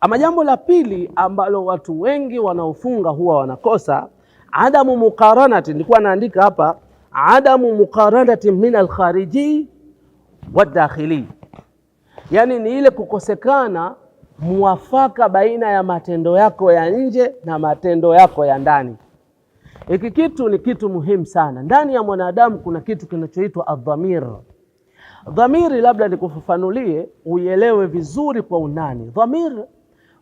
Ama jambo la pili ambalo watu wengi wanaofunga huwa wanakosa adamu muqaranati, nilikuwa naandika hapa, adamu muqaranati min alkhariji wadakhili, yani ni ile kukosekana muwafaka baina ya matendo yako ya nje na matendo yako ya ndani. Hiki kitu ni kitu muhimu sana. Ndani ya mwanadamu kuna kitu kinachoitwa adhamir. Dhamiri, labda nikufafanulie uielewe vizuri kwa undani dhamiri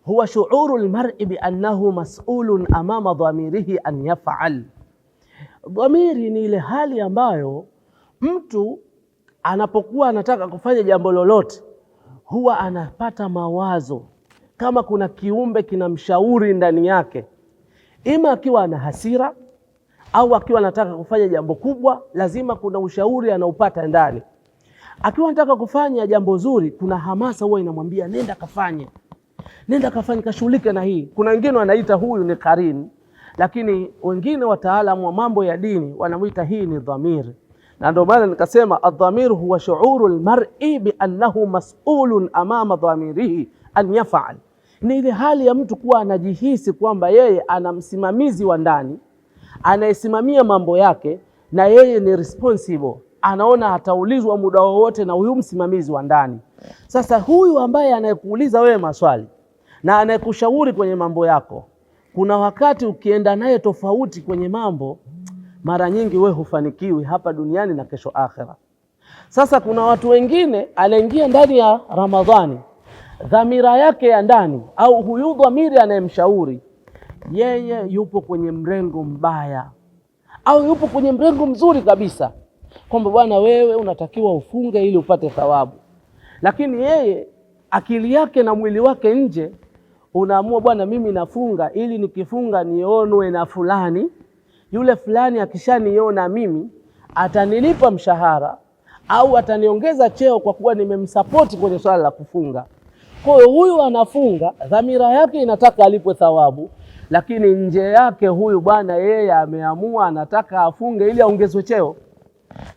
huwa shuuru lmari biannahu masulun amama dhamirihi an yafal. Dhamiri ni ile hali ambayo mtu anapokuwa anataka kufanya jambo lolote huwa anapata mawazo kama kuna kiumbe kinamshauri ndani yake, ima akiwa ana hasira au akiwa anataka kufanya jambo kubwa, lazima kuna ushauri anaupata ndani. Akiwa anataka kufanya jambo zuri, kuna hamasa huwa inamwambia nenda kafanye nenda kafanya, kashughulike na hii. Kuna wengine wanaita huyu ni karini, lakini wengine wataalamu wa mambo ya dini wanamwita hii ni dhamiri, na ndio maana nikasema adhamir huwa shuuru almar'i bi annahu masulun amama dhamirihi an yafal, ni ile hali ya mtu kuwa anajihisi kwamba yeye ana msimamizi wa ndani anayesimamia mambo yake, na yeye ni responsible anaona ataulizwa muda wowote na huyu msimamizi wa ndani. Sasa huyu ambaye anayekuuliza wewe maswali na anayekushauri kwenye mambo yako, kuna wakati ukienda naye tofauti kwenye mambo, mara nyingi we hufanikiwi hapa duniani na kesho akhera. Sasa kuna watu wengine anaingia ndani ya Ramadhani, dhamira yake ya ndani au huyu dhamiri anayemshauri yeye yupo kwenye mrengo mbaya au yupo kwenye mrengo mzuri kabisa, kwamba bwana, wewe unatakiwa ufunge ili upate thawabu, lakini yeye akili yake na mwili wake nje unaamua bwana, mimi nafunga ili nikifunga nionwe na fulani. Yule fulani akishaniona mimi atanilipa mshahara au ataniongeza cheo kwa kuwa nimemsapoti kwenye swala la kufunga. Kwa hiyo huyu anafunga, dhamira yake inataka alipwe thawabu, lakini nje yake huyu bwana yeye ameamua anataka afunge ili aongezwe cheo.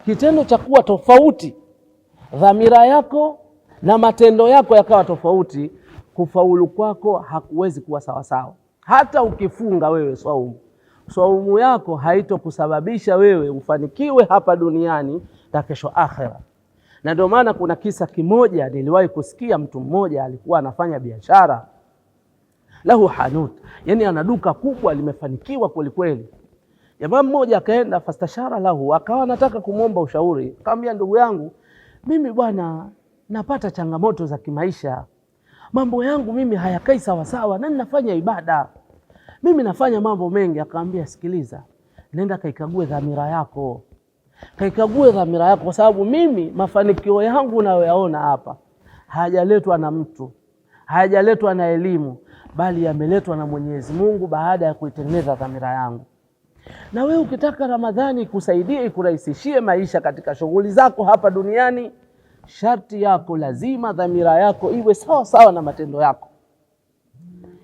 Kitendo cha kuwa tofauti, dhamira yako na matendo yako yakawa tofauti kufaulu kwako hakuwezi kuwa sawasawa. Hata ukifunga wewe swaumu, swaumu yako haitokusababisha wewe ufanikiwe hapa duniani na kesho akhera. Na ndio maana kuna kisa kimoja niliwahi kusikia, mtu mmoja alikuwa anafanya biashara lahu hanut, yani ana duka kubwa limefanikiwa kwelikweli. Jamaa mmoja akaenda fastashara lahu, akawa anataka kumwomba ushauri, akamwambia ndugu yangu, mimi bwana napata changamoto za kimaisha mambo yangu mimi hayakai sawasawa, nani nafanya ibada mimi nafanya mambo mengi. Akaambia, sikiliza, nenda kaikague dhamira yako, kaikague dhamira yako, kwa sababu mimi mafanikio yangu unayoyaona hapa hayajaletwa na mtu, hayajaletwa na elimu, bali yameletwa na Mwenyezi Mungu baada ya kuitengeneza dhamira yangu. Na wewe ukitaka Ramadhani ikusaidie, ikurahisishie maisha katika shughuli zako hapa duniani masharti yako, lazima dhamira yako iwe sawa sawa na matendo yako,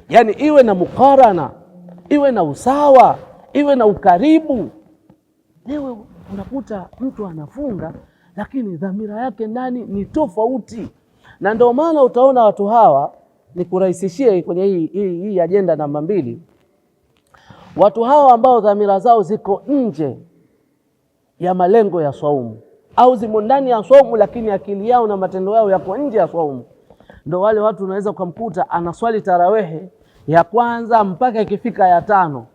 yaani iwe na mukarana, iwe na usawa, iwe na ukaribu. Leo unakuta mtu anafunga lakini dhamira yake ndani ni tofauti, na ndio maana utaona watu hawa, nikurahisishie kwenye hii, hii, hii ajenda namba mbili, watu hawa ambao dhamira zao ziko nje ya malengo ya swaumu au zimo ndani ya saumu, lakini akili yao na matendo yao yako nje ya saumu. Ndo wale watu unaweza ukamkuta anaswali tarawehe ya kwanza mpaka ikifika ya tano,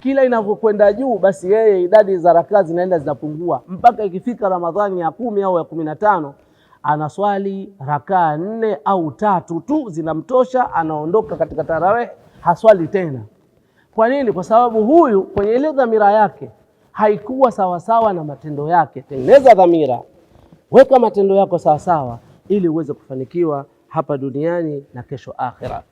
kila inavyokwenda juu basi yeye idadi za rakaa zinaenda zinapungua, mpaka ikifika Ramadhani ya kumi au ya kumi na tano anaswali rakaa nne au tatu tu zinamtosha, anaondoka katika tarawehe, haswali tena. Kwa nini? Kwa sababu huyu kwenye ile dhamira yake haikuwa sawasawa na matendo yake. Tengeneza dhamira, weka matendo yako sawasawa, ili uweze kufanikiwa hapa duniani na kesho akhera.